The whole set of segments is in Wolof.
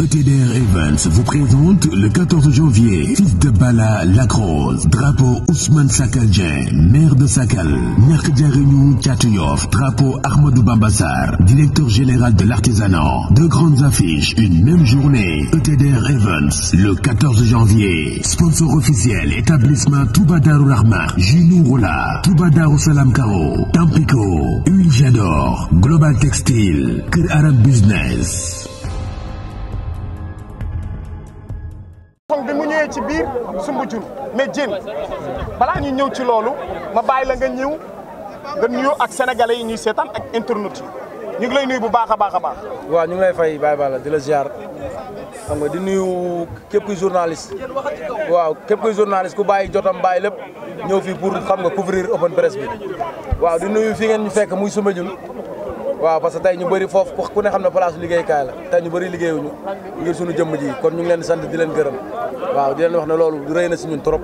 ETDR Events vous présente le 14 janvier, fils de Bala Lacrosse, drapeau Ousmane Sakaljen, maire de Sakal, Réunion Tchatouyov, drapeau Ahmadou Bambassar, directeur général de l'artisanat. Deux grandes affiches, une même journée, ETDR Events, le 14 janvier, sponsor officiel, établissement Toubadar Rahmar, Junou Rola, Toubadar Salam Karo, Tampico, Huile Global Textile, Kir Arab Business. xol bi mu ñëwee ci biir sumb jur mais jéen balaa ñu ñëw ci loolu ma bàyyi la nga ñëw nga nuyoo ak sénégalais yi ñuy seetaan ak internautes ñu ngi lay nuyu bu baax a baax a baax. waaw ñu ngi lay fay bàyyi baax la di la ziar xam di nuyu képp kuy journaliste waaw képp kuy journaliste ku bàyyi jotam bàyyi lépp ñëw fii pour xam nga couvrir open presse bi waaw di nuyu fi ngeen ñu fekk muy Soumbédioune waaw parce que tey ñu bëri foofu ku ne xam ne place liggéeykaay la tey ñu bëri liggéeyuñu ngir suñu jëmm ji kon ñu ngi leen sant di leen gërëm waaw di leen wax ne loolu rëy na si ñun trop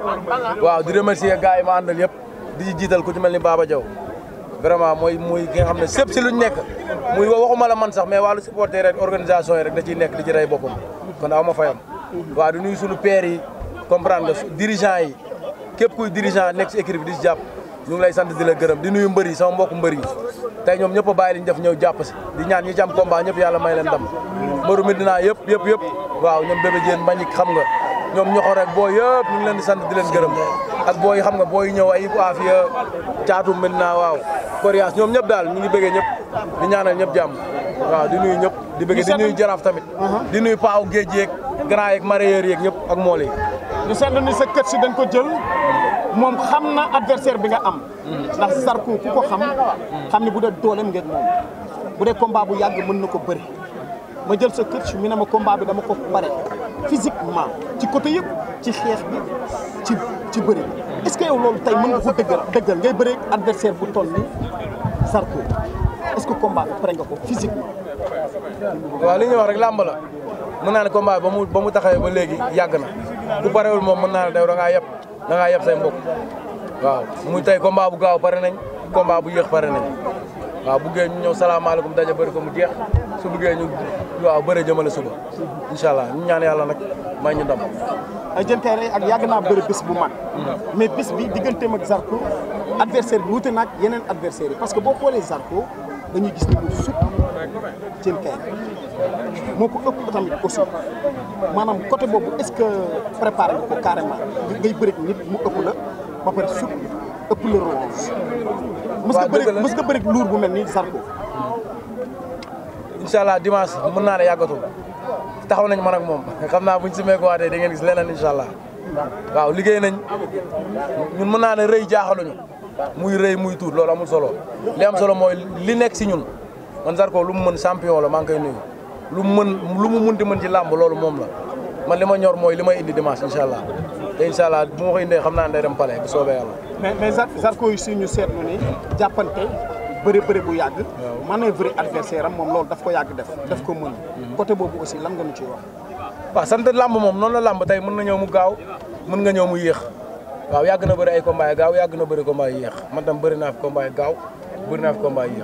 waaw di remercier gars yi ma àndal yëpp di jiital ku ci mel ni Baba Diaw vraiment mooy muy ki nga xam ne sëpp si luñ nekk muy waxuma la man sax mais wàllu supporter rek organisation yi rek da ciy nekk di ci rey boppam kon aw ma fayam waaw di nuyu suñu père comprendre nga yi képp kuy dirigeant nekk si équipe bi di si ñu ngi lay sant di la gërëm di nuyu mbër yi sama mbokk mbër yi tey ñoom ñëpp a bàyyi li ñëw jàpp si di ñaan ñi ci am combat ñëpp yàlla may leen ndam mbëru Medina yëpp yëpp yëpp waaw ñoom bébé jéen bañik xam nga ñoom ñoxo rek boo yëpp ñu ngi leen di sant di leen gërëm ak booy xam nga booy ñëw ay aafiya caatu Medina waaw coriace ñoom ñëpp daal ñu ngi bëggee ñëpp di ñaanal ñëpp jàmm waaw di nuyu ñëpp di bëggee di nuyu jaraaf tamit uh-huh. di nuy paaw géej yeeg grand yeeg mareyeur yeeg ñëpp ak mool yi sant ni ko jël moom xam na adversaire bi nga am. ndax Zarko ku ko xam. xam ni bu dee dooleem ngeen moom bu dee combat bu yàgg mën na ko bëri. ma jël sa coach mi na ma combat bi dama ko pare physiquement ci côté yëpp ci xeex bi ci ci bëri est-ce que yow loolu tey mën nga ko dëggal dëggal ngay bëri adversaire bu toll ni Zarko est-ce que combat bi pare nga ko physiquement. waaw li ñuy wax rek làmb la mën naa ne combat ba mu ba mu taxawee ba léegi yàgg na ku parewul moom mën naa ne da ngaa yëpp. da ngaa yeb say mbokk waaw muy tey combat bu gaaw pare nañ combat bu yéex pare nañ waaw buggee ñu ñëw salaamaaleykum daje bëri ko mu jeex su buggee ñu waaw bëre jëmale suba incha allah ñu ñaan yàlla nag may ñu ndam. Diène Kairé ak yàgg naa bëri bu mag. mais bis bi digganteem ak Zarko adversaire bi wute na ak yeneen adversaire yi parce que boo xoolee Zarko dañuy gis ni mu Thiel kay moo ëpp tamit aussi maanaam côté boobu est ce que préparé ko carrément ngay bëri nit mu ëpp la ba pare suuf ëpp la relance. mës nga bëri mës nga bu mel nii Zarko. dimanche mën naa ne yàggatul taxaw nañ man ak moom xam naa da ngeen gis waaw liggéey nañ ñun mën jaaxaluñu muy muy loolu amul solo li am solo li nekk ñun. man Zarko lu mu mën champion la maa ngi nuyu lu mu mën lu mu munti mën ci làmb loolu moom la man li ma ñor mooy li may indi dimanche incha allah te incha allah bu ma xam naa ne day dem palais bu soobee yàlla. mais mais Zarko yi si seet seetlu ni jàppante bëri bëri bu yàgg. waaw manœuvre adversaire am moom loolu daf ko yàgg def. daf ko mën. Mhm. côté boobu aussi lan nga ñu ci wax. waaw sant làmb moom noonu la làmb tey mën na ñëw mu gaaw mën nga ñëw mu yéex waaw yàgg na bëri ay combat gaaw yàgg na bëri combat yi yéex man tam bëri naa fi combat yi gaaw bëri naa fi combat yi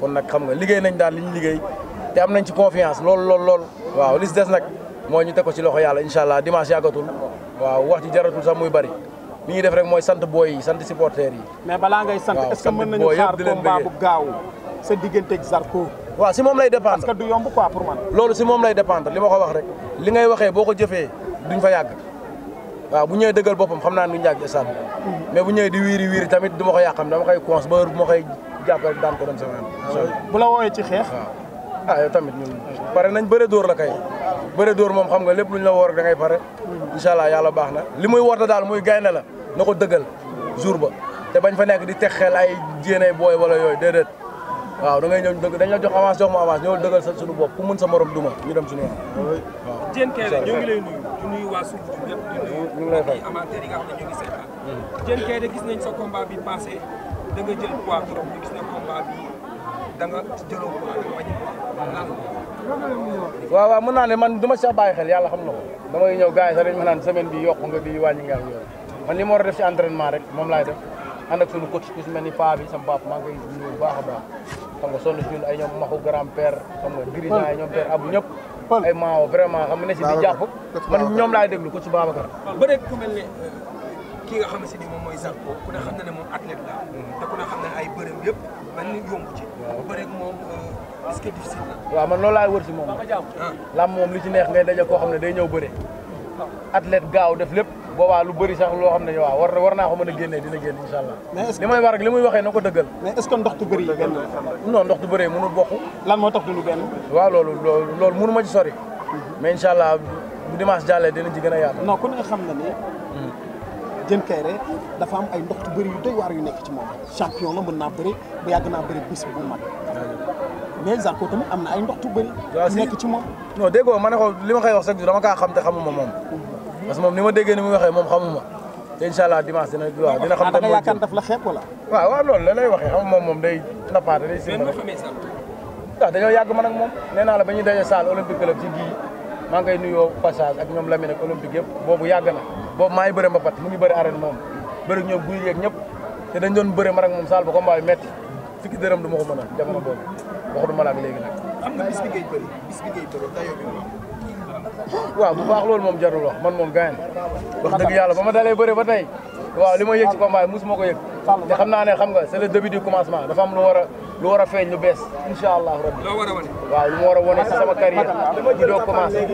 kon nag xam nga liggéey nañ daal li ñu liggéey te am nañ ci confiance lool lool lool waaw li si des nag mooy ñu teg ko ci loxo yàlla incha allah dimanche yàggatul waaw wax ci jaratul sax muy bari li ñuy def rek mooy sant booy yi sant supporters yi. mais balaa ngay sant est-ce que mën nañu xaar combat bu gaaw a diggante ak Zarko. waaw si moom lay dépendre parce pour man. loolu si moom lay dépendre li ma ko wax rek li ngay waxee boo ko jëfee duñ fa yàgg waaw bu ñëwee dëggal boppam xam naa duñ yàgg stade mhm. mais bu ñëwee di wiiri wiiri tamit du ma ko yàqam dama koy cons ba heure bu koy jàpp rek daan ko dem sama yoon. Ah bu la wooyee ci xeex. Ah. ah yow tamit ñun pare moom xam nga lépp luñ la woor da ngay pare incha baax na li muy woote daal muy gaynde la na ko dëggal jour ba fa nekk di teg xel ay jéenay booy wala yooyu déedéet waaw da ngay ñëw dëgg dañ la jox avance jox ma avance ñëw dëggal sa suñu bopp ku mën sa morom duma ñu dem da nga jël da nga jëloo poids naa ne man du ma sax bàyyi xel yàlla xam na ko damay ñëw gars yi sax ma naan semaine bi yokku nga di wàññi nga yooyu man li ma war def si entraînement rek moom laay def ànd ak suñu coach ku mel ni paa bi sama baap maa ngi koy baax a baax xam nga sonn ay ñoom maxu grand père xam nga dirigeant ay ñoom père abu ñëpp ay maawo vraiment xam nga ne si di jàpp man ñoom laay déglu coach Babacar ba rek ki nga xamante ni moom mooy Zarko ku ne xam na ne moom athlète la mm-hmm. te ku ne xam na ne ay bërëm yëpp euh, man moom est la waaw li ci neex ngay daje koo xam ne day ñëw bëre athlète gaaw def lépp boobaa lu bari sax loo xam ne waaw war war naa ko mën a génnee dina génn incha allah li may war ak li muy waxee na ko dëggal mais est-ce tu ndoxtu bëri yi benn non ndoxtu bëri yi mënul lan moo tax du lu benn waaw loolu loolu loolu mënu ma ci sori mm-hmm. mais incha allah bu dimanche dina ci gën a yaatu non ku ne xam na ne mm-hmm. Diène rek dafa am ay ndox tu bëri yu doy waar yu nekk ci moom champion la mën naa bëri bu yàgg naa bëri bis bu mag mais Zarko tamit am na ay moom non ma ne li ma koy wax chaque kaa xam te xamuma moom parce que ni ma déggee ni mu waxee moom xamuma te incha allah dimanche dina waaw dina xam danga yaakaar daf la xeeb la lay xam moom moom day nappaate day sim waaw dañoo yàgg man ak moom nee naa la ba ñu daje salle olympique club ci maa ngi koy nuyoo passage ak ñoom Lamine ak olympique yëpp boobu yàgg na boobu maa ngi bëre mba pat mu ngi bëri arène moom bëri ñoom guy yeeg ñëpp te dañ doon bëre ma ak moom saal ba combat bi metti fukki dërëm du ma ko mën a jamono boobu wax du ma la ak léegi nag waaw bu baax loolu moom jarul wax man moom gaañ wax dëgg yàlla ba ma dalee bëre ba tey waaw li ma yëg ci combat bi mosuma ko yëg te xam naa ne xam nga c'est le début du commencement dafa am lu war a lu war a feeñ lu bees incha allahu rabbi loo war a wane waaw lu ma war a wane si sama carrière di doog commencé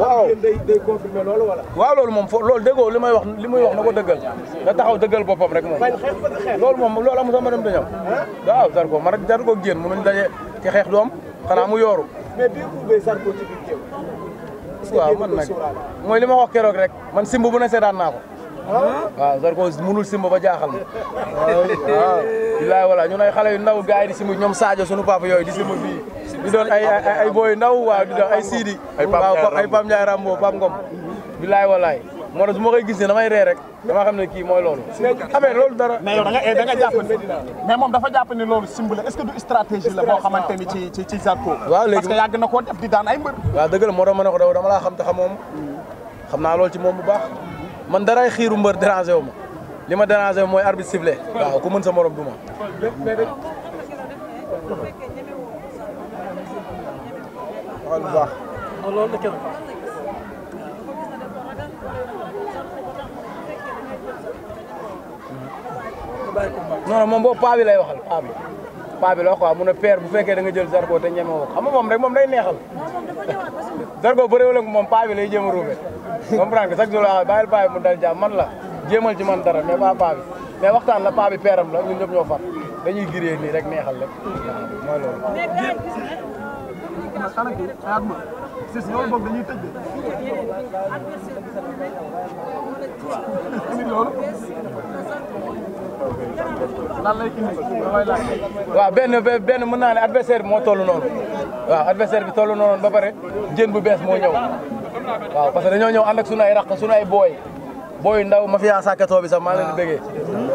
waaw waaw loolu moom fo loolu déggoo li may wax li muy wax na ko dëggal na taxaw dëggal boppam rek moom loolu moom loolu am sama dem dañam waaw Zarko man ak Zarko génn mënuñ daje ci xeex doom xanaa mu yooru mais bi ubbee Zarko ci biir waaw man nag mooy li ma wax keroog rek man simb bu ne seetaan naa ko waaw ah, ah. Zarko mënul simb ba jaaxal ma waaw ah, bilaay wala ñun ay xale yu ndaw gars yi di simb ñoom Sadio sunu papa yooyu di simb fii di doon ay ay booy ndaw waaw di doon ay Sidi waaw ay Pape Ndiaye Rambo Pape Ngom bilaay walaay moo tax su ma koy gis ne damay ree rek dama xam ne kii mooy loolu amee loolu dara mais yow da nga eh, da moom dafa jàpp ni loolu simb la est-ce que du stratégie la boo xamante ni ci ci ci Zarko waaw léegi parce na koo def di daan ay mbër moo tax ma ko daw dama laa xam te moom xam naa loolu ci moom bu baax man daraay xiiru mbër dérangé wu ma li ma dérangé arbitre sifflé waaw ku mën sa morom duma non mom bo pa bi lay waxal pa bi pa bi lo xaw mu ne père bu fekke da nga jël Zarko te ñeme woo xam mom rek mom lay neexal. Zarko bëriwul ak moom paa bi lay jéem a ruube comprendre nga chaque jour ah bàyyil mu dal jàmm man la jéemal ci man dara mais pas paa bi mais waxtaan la paa bi peeram la ñun ñëpp ñoo far dañuy giree nii rek neexal lépp waaw mooy loolu. lan waaw benn benn mën naa ne adversaire bi moo toll noonu waaw adversaire bi toll noonu ba pare jën bu bees moo ñëw waaw parce que dañoo ñëw ànd ak ay rakk sunu ay booy booy ndaw ma fiyaa sàkkatoo bi sax maa leen di bëggee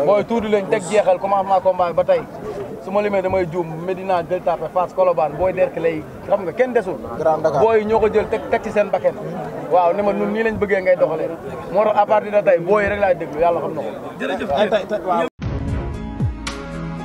booy tuuti lañ teg jeexal commencement combat ba tey su ma limee damay juum Medina Gueule Tapée Fass Colobane booy derk lay xam nga kenn desul booy ñëw ko jël teg teg ci seen bakken waaw ne ma nun nii lañ bëggee ngay doxalee moo tax à partir de tey laay déglu yàlla xam na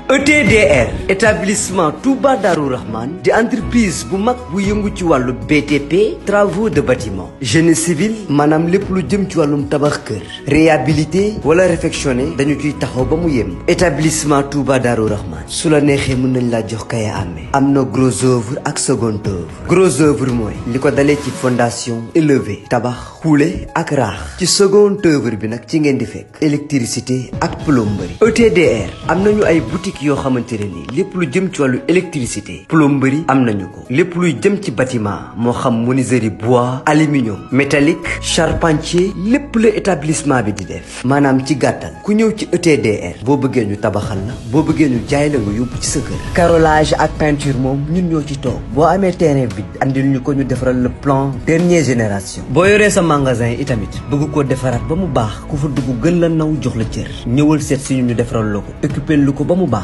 ETDR établissement Touba Darou Rahman de entreprise bu mak bu yëngu ci walu BTP travaux de bâtiment génie civil manam lepp lu jëm ci walum tabax kër réhabilité wala réfectionné dañu ci taxaw ba mu établissement Touba Darou Rahman su la neexee mën nañ la jox kaya Amé amna gros œuvre ak second œuvre gros œuvre moy liko dalé ci fondation élevée tabax xuule ak raax ci second œuvre bi nak ci ngeen di électricité ak plomberie ETDR amna ñu ay boutique les yo xamante ne lu jëm ci électricité plomberie am nañu ko lepp luy jëm ci bâtiment mo xam menuiserie bois aluminium métallique charpentier les plus établissement bi di def manam ci gattal ku ñew ci ETDR bo bëgge ñu tabaxal la boo ñu jaay la nga ci sa carrelage ak peinture mom ñun ñoo ci tok bo amé terrain bi andil ñu ko ñu défaral le plan dernière génération Boyeré yoré sa magasin itamit bëgg ko défarat ba mu baax ku fa dugg gën la naw jox la cër ñëwal seet suñu ñu défaral lako occuper lu ko ba mu baax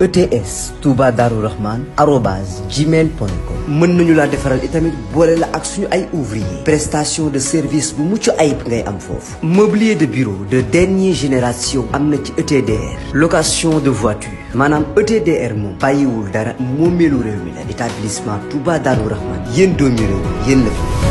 ETS Touba Darou Rahman gmail.com itamit boole la ak suñu ay prestation de service bu mucc ayib ngay am mobilier de bureau de dernière génération am ETDR location de voiture Madame ETDR moom bàyyiwul dara moomeelu réew la établissement Touba Darou Rahman doomi réew yéen